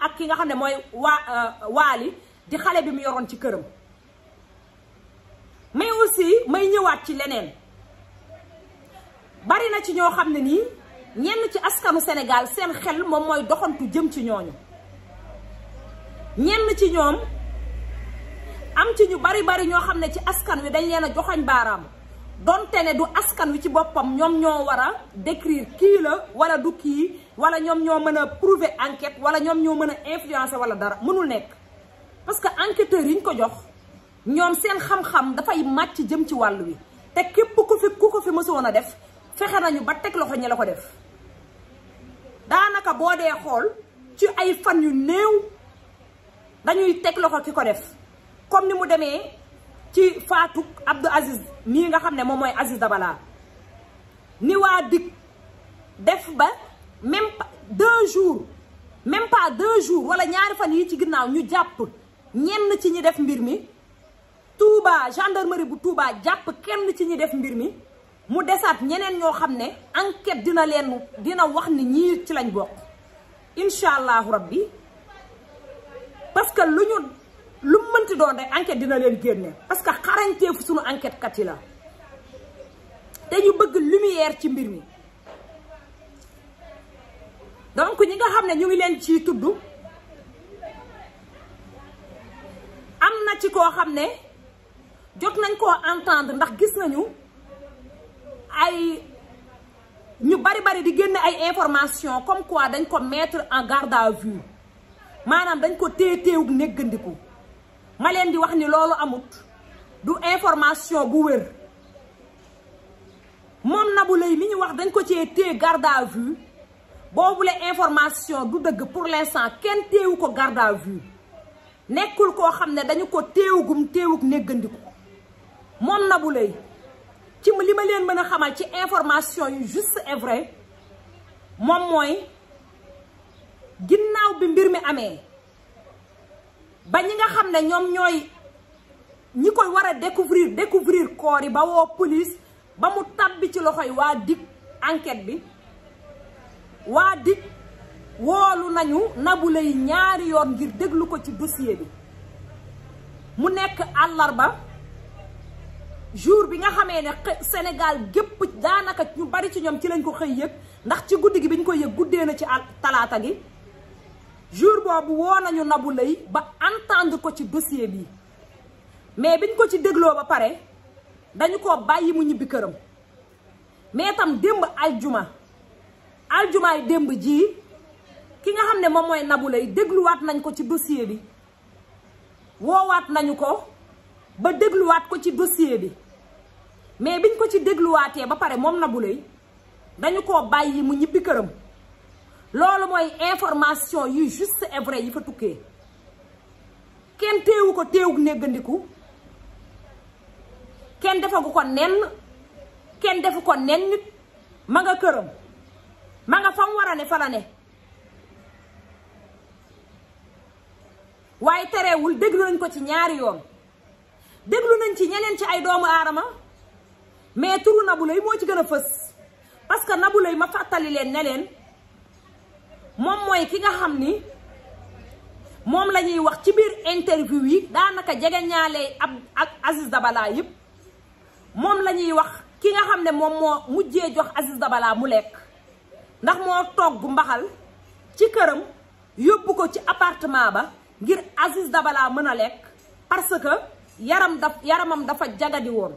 ak ki nga xam ne mooy waa euh, waali di xale bi mu yoroon ci këram mais aussi may ñëwaat ci leneen bari na ci ñoo xam ne nii ñenn ci askanu Sénégal seen xel moom mooy doxantu jëm ci ñooñu ñenn ci ñoom am ci ñu bari bari ñoo xam ne ci askan wi dañ leen a joxoñ baaraam donte ne du askan wi ci boppam ñoom ñoo war a décrire kii la wala du kii wala ñoom ñoo mën a prouver enquête wala ñoom ñoo mën a influencer wala dara mënul nekk parce que enquêteurs yi ko jox ñoom seen xam-xam dafay ci jëm ci wàll wi te képp ko fi ku ko fi mësoon a def fexe nañu ba teg loxo ñi la ko def daanaka boo dee xool ci ay fan yu néew dañuy teg loxo ki ko def comme ni mu demee ci faatu Abdou Aziz nii nga xam ne moom mooy Aziz Dabala ni waa dig def ba même pas deux jours même pas deux jours wala ñaari fan yi ci ginnaaw ñu jàpp ñenn ci ñi def mbir mi Touba gendarmerie bu Touba jàpp kenn ci ñi def mbir mi mu desaat ñeneen ñoo xam ne enquête dina leen dina wax ni ñii ci lañ bokk incha allahu rabbi parce que lu ñu lu mënti doon rek enquête dina leen génne parce que xarañteefu suñu enquête kat yi la te ñu bëgg lumière ci mbir mi ko ñi nga xam ne ñu ngi leen ciy tudd am na ci koo xam ne jot nañ koo entendre ndax gis nañu ay ñu bari bari di génn ay information comme quoi dañ ko metre en garde à vue maanaam dañ ko téye téewug néggandiku ma leen di wax ni loolu amut du information bu wér moom Nabou Leye mi ñu wax dañ ko cee téye garde à vue boobu la information du dëgg pour l'instant kenn téewu ko garde à vue nekkul koo xam ne dañu ko téewugum téewu néggandiku moom Nabou Leye ci li ma leen mën a xamal ci information yu juste et moom mooy ginnaaw bi mbir mi amee ba ñi nga xam ne ñoom ñooy ñi koy war a découvrir découvrir corps yi ba woo police ba mu tàbbi ci loxoy waa dig enquête bi waa DIC woolu nañu Nabou Leye ñaari yoon ngir déglu ko ci dossier bi mu nekk àllarba jour bi nga xamee ne Sénégal gépp daanaka ñu bari ci ñoom ci lañ ko xëy yëg ndax ci guddi gi bi ñu ko yëg guddee na ci talaata gi jour boobu woo nañu nabu Leye ba entendre ko ci dossier bi mais biñ ko ci dégloo ba pare dañu ko bàyyi mu ñibbi këram mais tam démb aljuma aljumaay démb ji ki nga xam ne moom mooy Nabou dégluwaat nañ ko ci dossier bi woowaat nañu ko ba dégluwaat ko ci dossier bi mais biñ ko ci dégluwaatee ba pare moom Nabou dañu ko bàyyi mu ñibbi këram loolu mooy information yu juste et yi fa tukkee kenn téewu ko téewug néggandiku kenn defagu ko nenn kenn defu ko nenn nit ma nga këram ma nga fam war a ne fa ne waaye terewul déglu nañ ko ci ñaari yoon déglu nañ ci ñeneen ci ay doomu aadama mais turu Nabou Leye moo ci gën a fës parce que Nabou Leye ma fàttali leen ne moom mooy ki nga xam ni moom la ñuy wax ci biir interview yi daanaka jege ñaale ab ak Aziz balaa yëpp moom la ñuy wax ki nga xam ne moom moo mujjee jox Aziz balaa mu lekk ndax moo togg mbaxal ci këram yóbbu ko ci appartement ba ngir Aziz dabalaa mën a lekk parce que yaram daf yaramam dafa jagadi woon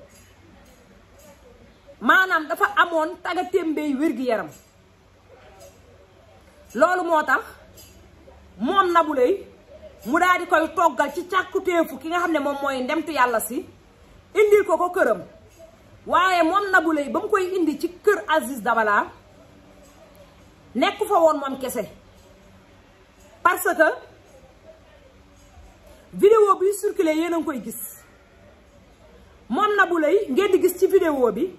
maanaam dafa amoon taga témbéy wér-gi-yaram loolu moo tax moom Nabou Leye mu daal di koy toggal ci càkkutéefu ki nga xam ne moom mooy ndemtu yàlla si indil ko ko këram waaye moom Nabou Leye ba mu koy indi ci kër Aziz Dabala nekk fa woon moom kese parce que vidéo bi circulé yéen koy gis moom Nabou Leye ngeen di gis ci vidéo bi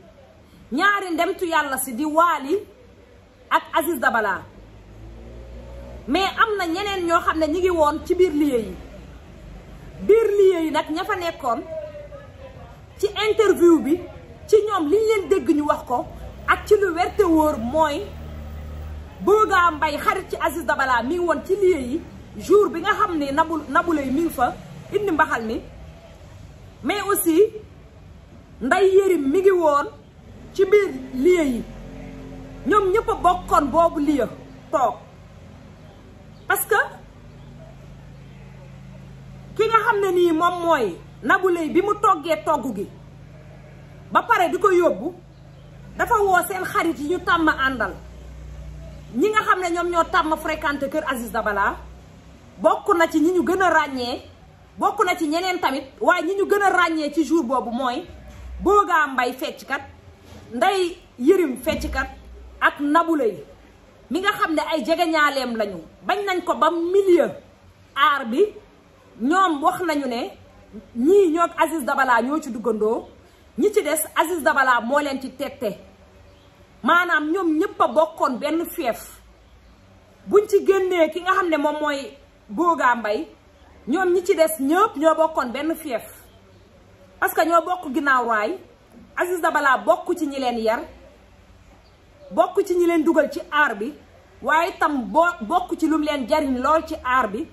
ñaari ndemtu yàlla si di Waly ak Aziz Dabala mais am na ñeneen ñoo xam ne ñu ngi woon ci biir lieu yi biir lieu yi nag ña fa nekkoon ci interview bi ci ñoom liñ leen dégg ñu wax ko ak ci lu werte wóor mooy Boga mbay xarit ci Aziz Dabala mi ngi woon ci lieu yi jour bi nga xam ne nabu nabulay lay ngi fa indi mbaxal mi mais aussi Ndeye Yérim mi ngi woon ci biir lieu yi ñoom ñëpp a bokkoon boobu lieu toog parce ki nga xam ne nii moom mooy nabulay bi mu toggee togg gi ba pare di ko yóbbu dafa woo seen xarit yi ñu tàmm àndal ñi nga xam ne ñoom ñoo tàmm fréquenté kër Aziz Dabala bokk na ci ñi ñu gën a ràññee bokk na ci ñeneen tamit waaye ñi ñu gën a ràññee ci jour boobu mooy Boga Mbaye fecckat Ndeye Yërim fecckat ak Naboulaye mi nga xam ne ay jegeñaaleem lañu bañ nañ ko ba milieu aar bi ñoom wax nañu ne ñii ñoo Aziz Dabala ñoo ci duggandoo ñi ci des Aziz Dabala moo leen ci tette maanaam ñoom ñëpp a bokkoon benn fief buñ ci génnee ki nga xam ne moom mooy Goga mbay ñoom ñi ci des ñëpp ñoo bokkoon benn fief parce que ñoo bokk ginnaaw raay Aziz Dabala bokk ci ñi leen yar bokk ci ñi leen dugal ci aar bi waaye itam boo bokk ci lum leen jariñ lool ci aar bi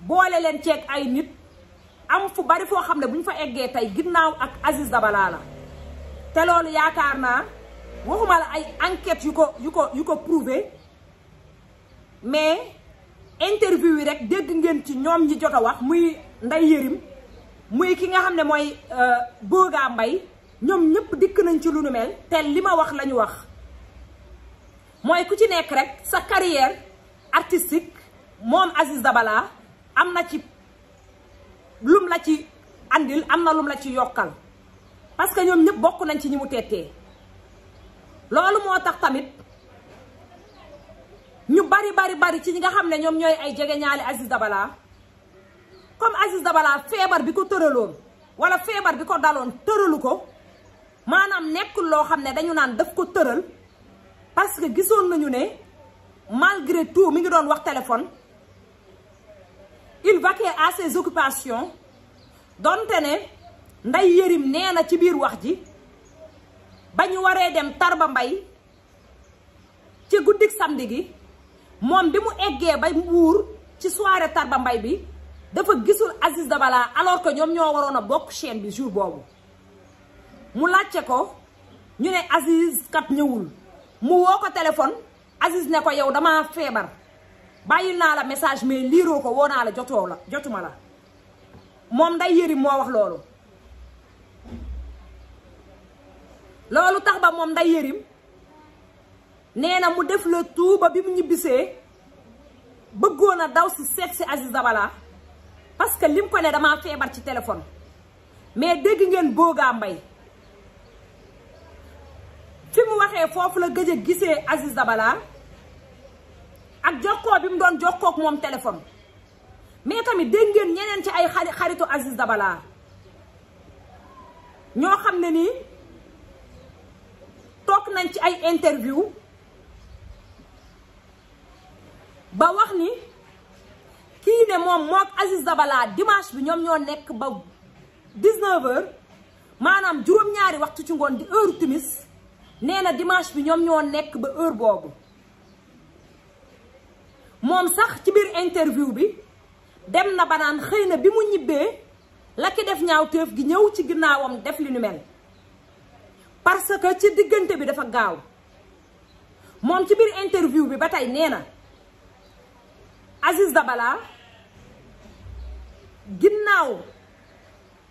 boole leen ceeg ay nit am fu bari foo xam ne bu ñu fa eggee tey ginnaaw ak Aziz Dabala la te loolu yaakaar naa waxuma la ay enquêtes yu ko yu ko yu ko prouvé mais interview yi rek dégg ngeen ci ñoom ñi jot a wax muy Ndeye Yérim muy ki nga xam ne mooy euh, Boga mbay ñoom ñëpp dikk nañ ci lu nu mel te li ma wax la ñu wax mooy ku ci nekk rek sa carrière artistique moom Aziz Dabala am na ci lum la ci andil am na lum la ci yokkal parce que ñoom ñëpp bokk nañ ci ñi mu tettee loolu moo tax tamit ñu bari bari bari ci ñi nga xam ne ñoom ñooy ay jege jegeñaale Aziz Dabala comme Aziz Dabala feebar bi ko tëraloon wala feebar bi ko daloon tëralu ko maanaam nekkul loo xam ne dañu naan daf ko tëral parce que gisoon nañu ne malgré tout mi ngi doon wax téléphone il vaquait à ses occupations donte ne nday yërim nee na ci biir wax ji ba ñu waree dem Tarba Mbay ci guddik samedi gi moom bi mu eggee ba Mbuur ci soirée Tarba Mbay bi dafa gisul Aziz Dabala alors que ñoom ñoo waroon a bokk chaîne bi jour boobu mu laajte ko ñu ne Aziz kat ñëwul mu woo ko téléphone Aziz ne ko yow dama feebar bàyyi naa la message mais liiroo ko woo naa la la jotuma la moom nday yëri moo wax loolu loolu tax ba moom nday yërim nee mu def la tuuba bi mu ñibbisee bëggoon daw si seet si Aziz Dabala parce que lim ko ne damaa feebar ci téléphone mais dégg ngeen boogaa mbay fi mu waxee foofu la gëj a gisee Aziz Dabala ak jokkoo bi mu doon jokkook moom téléphone mais tamit dégg ngeen ñeneen ci ay xaritu Aziz Dabala ñoo xam ne nii toog nañ ci ay interview ba wax ni kii ne moom mook da Dabala dimanche bi ñoom ñoo nekk ba 19h maanaam juróom-ñaari waxtu ci ngoon di heure timis nee na dimanche bi ñoom ñoo nekk ba heure boobu moom sax ci biir interview bi dem na banaan xëy na bi mu ñibbee la ki def ñaawteef gi ñëw ci ginnaawam def li nu mel parce que ci diggante bi dafa gaaw moom ci biir interview bi ba tey nee na Aziz Dabala ginnaaw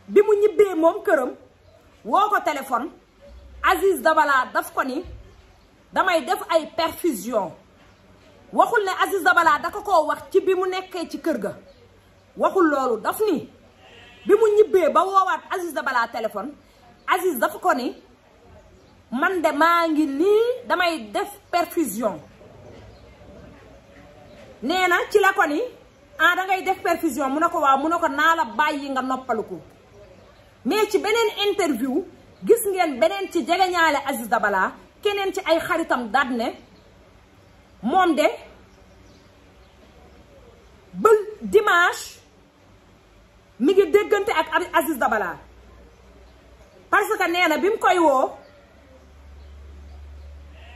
bi mu ñibbee moom këram woo ko téléphone Aziz Dabala daf ko ni damay def ay perfusion waxul ne Aziz Dabala da ko koo wax ci bi mu nekkee ci kër ga waxul loolu daf ni bi mu ñibbee ba woowaat Aziz Dabala téléphone Aziz dafa ko ni man de maa ngi nii damay def perfusion nee na ci la ko ni ah da def perfusion mu ne ko waaw mu ne ko naa la bàyyi nga noppalu ko mais ci beneen interview gis ngeen beneen ci jegeñaale Aziz Dabala keneen ci ay xaritam daat ne moom de ba dimanche mi ngi déggante ak Aziz Dabala parce que nee na bi mu koy woo.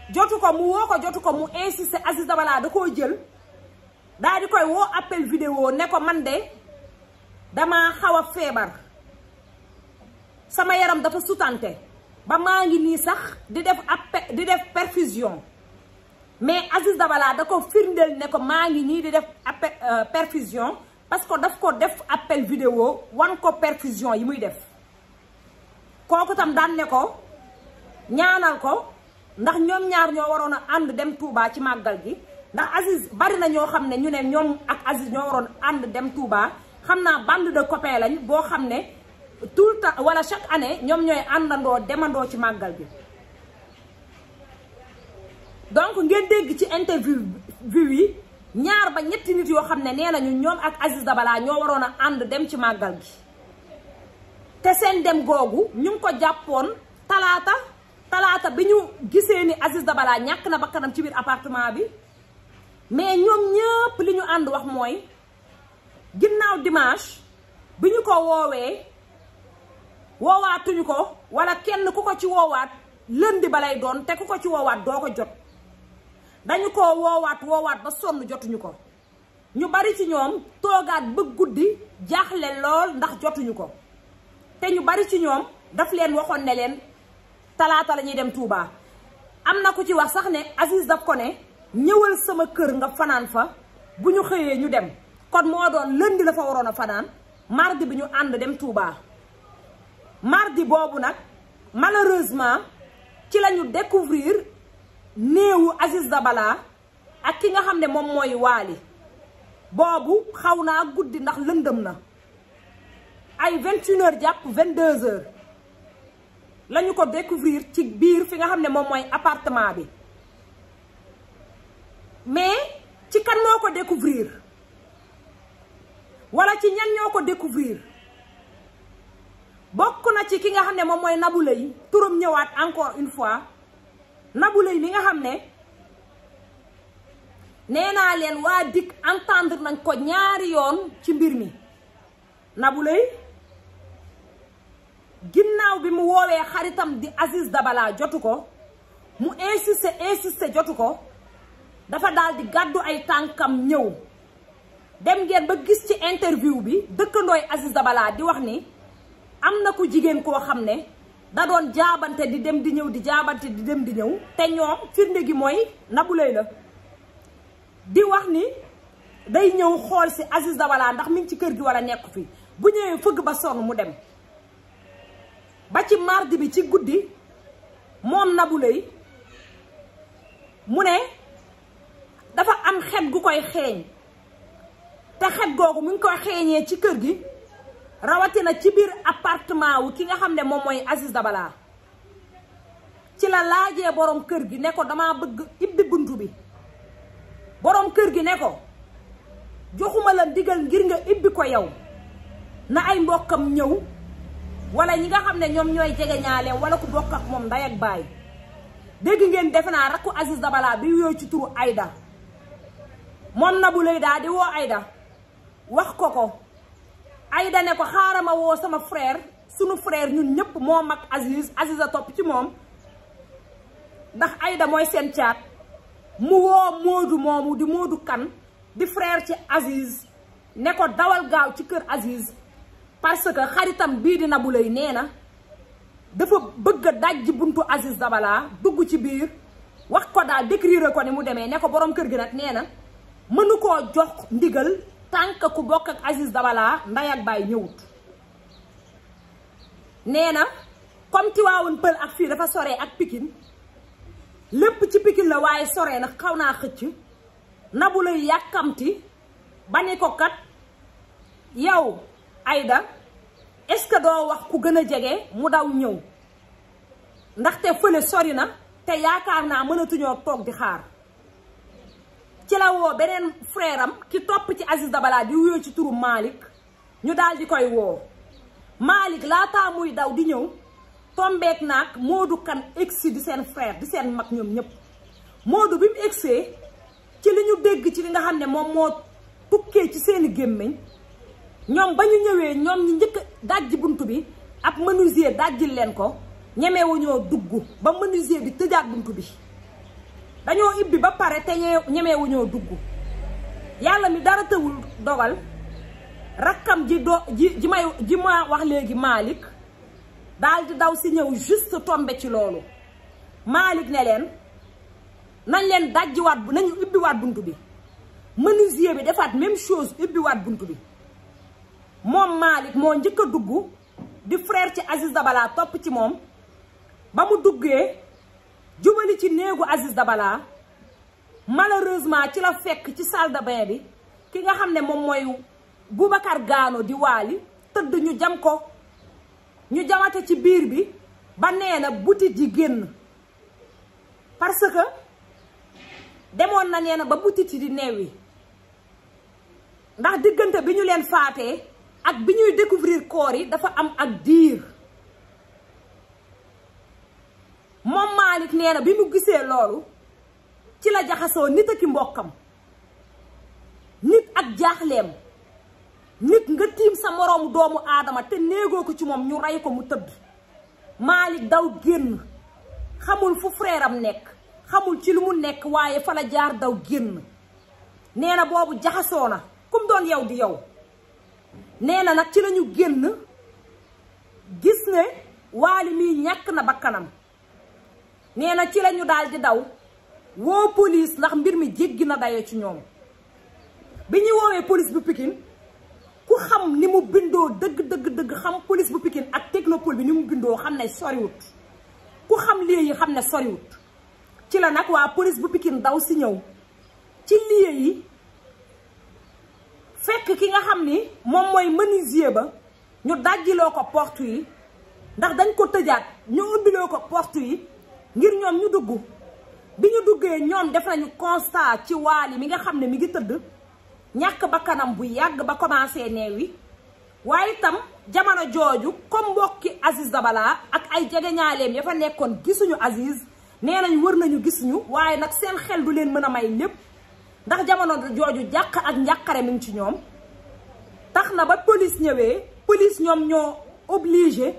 jotu ko mu woo ko jotu ko mu insisté Aziz Dabala da koo jël daal di koy woo appel vidéo ne ko man de dama xaw feebar sama yaram dafa sutante ba maa ngi nii sax di def appel di def perfusion mais Aziz Dabala da ko firndeel ne ko maa ngi nii di def appel euh, perfusion parce que daf ko def appel vidéo wan ko perfusion yi muy def kooku tam daan ne ko ñaanal ko ndax ñoom ñaar ñoo waroon a ànd dem Touba ci màggal gi ndax Aziz bari na ñoo xam ne ñu ne ñoom ak Aziz ñoo waroon ànd dem Touba xam naa bande de copains lañ boo xam ne tout le temps wala chaque année ñoom ñooy àndandoo demandoo ci màggal bi donc ngeen dégg ci interview yi ñaar ba ñetti nit yoo xam ne nee nañu ñoom ak Aziz balaa ñoo waroon a ànd dem ci màggal gi te seen dem googu ñu ngi ko jàppoon talaata. talaata bi ñu gisee ni Aziz Dabala ñàkk na bakkanam ci biir apartement bi mais ñoom ñëpp li ñu ànd wax mooy ginnaaw dimanche bi ñu ko woowee woowaatuñu ko walla kenn ku ko ci woowaat lundi ba lay doon te ku ko ci woowaat doo ko jot dañu ko woowaat woowaat ba sonn jotuñu ko ñu bari ci ñoom toogaat ba guddi jaaxle lool ndax jotuñu ko te ñu bari ci ñoom daf leen waxoon ne leen talaata la ñuy dem Touba am na ku ci wax sax ne Aziz daf ko ne ñëwal sama kër nga fanaan fa bu ñu xëyee ñu dem kon moo doon lundi la waroon a fanaan mardi bi ñu ànd dem Touba mardi boobu nag malheureusement ci la ñu découvrir néewu da Dabala ak ki nga xam ne moom mooy waali boobu xaw naa guddi ndax lëndëm na ay vingt une heures jàpp vingt deux lañu ko découvrir ci biir fi nga xam ne moom mooy apartement bi mais ci kan moo ko découvrir wala ci ñan ñoo ko découvrir bokk na ci ki nga xam ne moom mooy Nabou Leye ñëwaat encore une fois Nabou Leye nga xam ne nee naa leen waa dikk entendre nañ ko ñaari yoon ci mbir mi Nabou ginnaaw bi mu woowee xaritam di Aziz Dabala jotu ko mu insisté insisté jotu ko dafa dal di gàddu ay tànkam ñëw dem ngeen ba gis ci interview bi dëkkandooy Aziz Dabala di wax ni am na ku jigéen koo xam ne da doon jaabante di dem di ñëw di jaabante di dem di ñëw te ñoom firnde gi mooy Nabou la di wax ni day ñëw xool si Aziz Dabala ndax mi ngi ci kër gi wala nekku fi bu ñëwee fëgg ba sonn mu dem ba ci mardi bi ci guddi moom Nabou Leye mu ne dafa am xet gu koy xeeñ te xet googu mu ngi koy xeeñee ci kër gi rawatina ci biir appartement wu ki nga xam ne moom mooy Aziz Dabala ci la laajee boroom kër gi ne ko damaa bëgg ibbi buntu bi boroom kër gi ne ko joxuma la ndigal ngir nga ibbi ko yow na ay mbokkam ñëw wala ñi nga xam ne ñoom ñooy jege ñaaleem wala ku bokk ak moom nday ak baay dégg ngeen defe naa rakku Aziz Dabala bi yooyu ci turu Aida moom na bu lay daal di woo ayda wax ko ko Aida ne ko xaaral ma woo sama frère sunu frère ñun ñëpp moo mag Aziz Aziz topp ci moom ndax ayda mooy seen caat mu woo Moodu moomu di Moodu kan di frère ci Aziz ne ko dawal gaaw ci kër Aziz parce que xaritam bii di Nabou Leye nee na dafa bëgg a buntu Aziz Dabala dugg ci biir wax ko daal décrire ko ni mu demee ne ko borom kër gi nag nee na mënu koo jox ndigal tànk ku bokk ak Aziz Dabala nday ak baay ñëwut nee na comme Tivaouane Peulh ak fii dafa sore ak pikin lépp ci Pikine la waaye sore na xaw naa xëcc Nabou Leye yàkkamti ba ne ko kat yow ayda est-ce que doo wax ku gën a jege mu daw ñëw ndaxte fële sori na te yaakaar naa mënatuñoo toog di xaar ci la woo beneen frère am ki topp ci Aziz Dabala di wuyoo ci turu Malick ñu daal di koy woo Malick laataa muy daw di ñëw tombeek naag Modou kan egsi di seen frère di seen mag ñoom ñëpp Modou bi mu egsee ci li ñu dégg ci li nga xam ne moom moo tukkee ci seeni gémmiñ ñoom ba ñu ñëwee ñoom ñu njëkk dajji bunt bi ab menuisier dajjil leen ko ñemewuñoo dugg ba menuisier bi tëjaat bunt bi dañoo ibbi ba pare te ñemewuñoo dugg yàlla ni dara tëwul dogal rakkam ji do ji may ji ma wax léegi Malick daal daw si ñëw juste tombé ci loolu Malick ne leen nañ leen dajjiwaat nañu ubbiwaat bunt bi menuisier bi defaat même chose ubbiwaat bunt bi moom Malick moo njëkk a dugg di frère ci Aziz balaa topp ci moom ba mu duggee jubali ci néegu Aziz Dabala malheureusement ci la fekk ci salle bi ki nga xam ne moom mooy Boubacar Gaano di waali tëdd ñu jam ko ñu jamate ci biir bi ba neena na butit yi génn parce que demoon na nee na ba butit yi di neewi ndax diggante bi ñu leen faatee ak bi ñuy découvrir corps yi dafa am ak diir moom Malick nee na bi mu gisee loolu ci la jaxasoo nit ak i mbokkam nit ak jaaxleem nit nga tiim sa moroomu doomu aadama te néegoo ko ci moom ñu rey ko mu tëdd Malick daw génn xamul fu frère nekk xamul ci lu mu nekk waaye fa la jaar daw génn nee na boobu jaxasoo na kum doon yow di yow nee na nag ci la ñu génn gis ne waali mii ñàkk na bakkanam nee na ci la ñu daw woo polis ndax mbir mi jéggi na daye ci ñoom bi ñuy woowee police bu pikin ku xam ni mu bindoo dëgg dëgg dëgg xam police bu pikin ak technopole bi ni mu bindoo xam ne soriwut ku xam lieu yi xam ne soriwut ci la nag waa police bu pikin daw si ñëw ci lieu yi fekk ki nga xam ni moom mooy menuisier ba ñu dajjiloo ko porte yi ndax dañ ko tëjaat ñu ubbiloo ko porte yi ngir ñoom ñu dugg bi ñu duggee ñoom def nañu constat ci Wally mi nga xam ne mi ngi tëdd ñàkk ba kanam bu yàgg ba commencé neew yi waaye itam jamono jooju comme mbokki Aziz Dabala ak ay jegeñaaleem ya fa nekkoon gisuñu Aziz nee nañu wër nañu gisuñu waaye nag seen xel du leen mën a may lépp ndax jamono jooju jàq ak njàqare mi ci ñoom tax na ba police ñëwee police ñoom ñoo obligé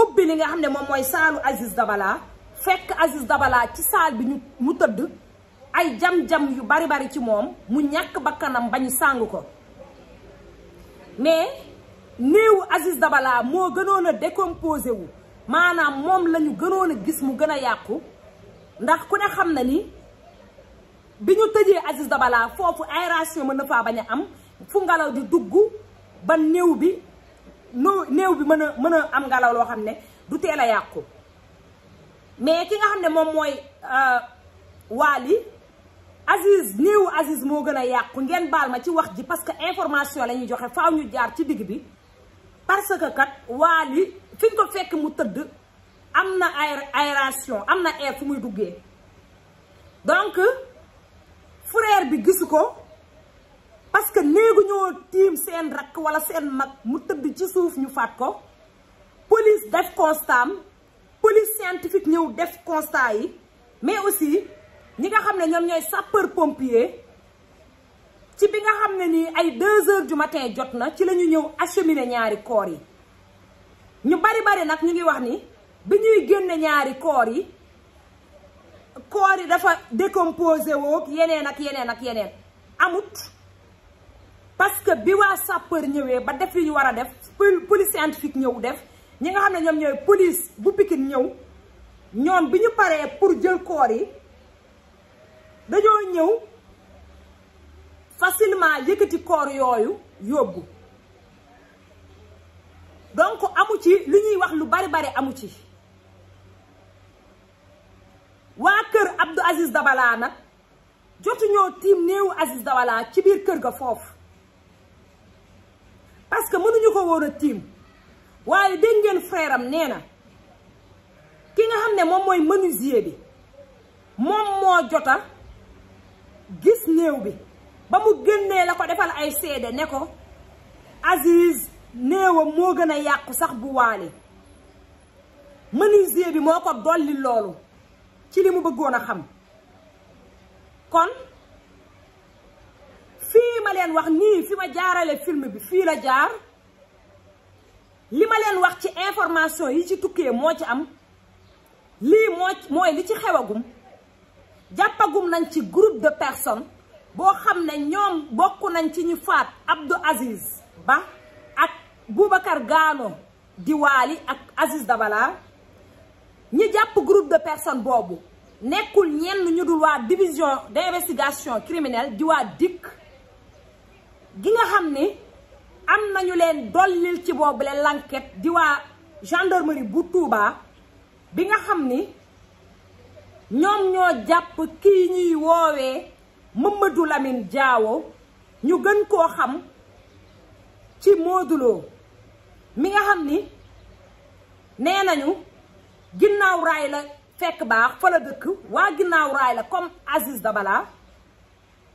ubbi li nga xam ne moom mooy saalu Aziz dabalaa fekk Aziz dabalaa ci saal bi ñu mu tëdd ay jam-jam yu bari bari ci moom mu ñàkk bakkanam ba ñu sàng ko mais néewu Aziz dabalaa moo gënoon a décomposé wu maanaam moom la ñu gënoon a gis mu gën a yàqu ndax ku ne xam na ni bi ñu tëjee Aziz dabalaa foofu aération mën na faa bañ a am fu ngelaw di dugg ba néew bi no néew bi mën a mën a am ngelaw loo xam ne du teel a yàqu mais ki nga xam ne moom mooy euh, Wally Aziz néewu Aziz moo gën a yàqu ngeen baal ma ci wax ji parce que information la ñuy joxe faaw ñu jaar ci digg bi parce que kat Wally fi ñu ko fekk mu tëdd am na aération am na air fu muy duggee donc frère bi gisu ko parce que néegu ñoo tiim seen rakk wala seen mag mu tëdd ci suuf ñu faat ko police def constat police scientifique ñëw def constat yi mais aussi ñi nga xam ne ñoom ñooy sapeur pompier ci bi nga xam ne nii ay deux heures du matin jot na ci la ñu ñëw acheminer ñaari koor yi ñu bari bari nag ñu ngi wax ni bi ñuy génne ñaari koor yi koor yi dafa décomposé woog yeneen ak yeneen ak yeneen amut parce bi waa sapeur ñëwee ba def li ñu war a def police scientifique ñëw def ñi nga xam ne ñoom ñooy police bu Pikine ñëw ñoom bi ñu paree pour jël koor yi dañoo ñëw facilement yëkkati koor yooyu yóbbu donc amu ci li ñuy wax lu bari bari amu ci waa kër Abdou Aziz Dabala nag jotu ñoo tiim néewu Aziz Dabala ci biir kër ga foofu parce que mënuñu ko woon a tiim waaye dégg ngeen frère nee na ki nga xam ne moom mooy menuisier bi moom moo jota gis néew bi ba mu génnee la ko defal ay seede ne ko Aziz néewam moo gën a yàqu sax bu waale menuisier bi moo ko dolli loolu ci li mu bëggoon a xam kon lii ma leen wax nii fi ma jaarale film bi fii la jaar li ma leen wax ci information yi ci tukkee moo ci am lii moo mooy li ci xewagum jàppagum nañ ci groupe de personnes boo xam ne ñoom bokk nañ ci ñu faat Abdou Aziz Ba ak Boubacar Gaano Diwaali ak Aziz Dabala ñi jàpp groupe de personnes boobu nekkul ñenn ñu dul waa division d'investigation criminelle di waa DIC gi nga xam ni am nañu leen dollil ci boobule lanket di waa gendarmerie bu Touba bi nga xam ni ñoom ñoo jàpp ki ñuy woowee Mamadou Lamine jaawo ñu gën koo xam ci Modou mi nga xam ni nee nañu ginnaaw raay la fekk baax fa la dëkk waa ginnaaw raay la comme Aziz balaa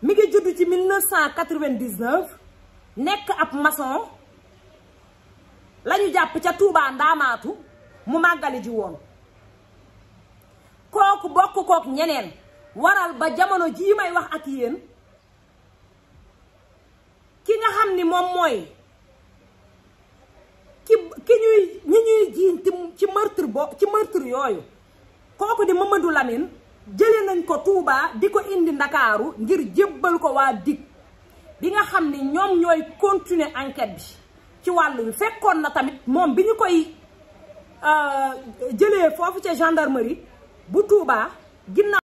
mi ngi judd ci 1999 nekk ab maçon la jàpp ca Touba Ndaamaatu mu màggali ji woon kooku bokk kook ñeneen waral ba jamono ji may wax ak yéen ki nga xam ni moom mooy ki ki ñuy ñi ñuy jiiñ ci meurtre bo ci meurtre yooyu kooku di Mamadou Lamine jële nañ ko Touba di ko indi Ndakaaru ngir jébbal ko waa DIC bi nga xam ni ñoom ñooy continuer enquête bi ci wàll wi fekkoon na tamit moom bi ñu koy euh, jëlee foofu ca gendarmerie bu Touba ginnaaw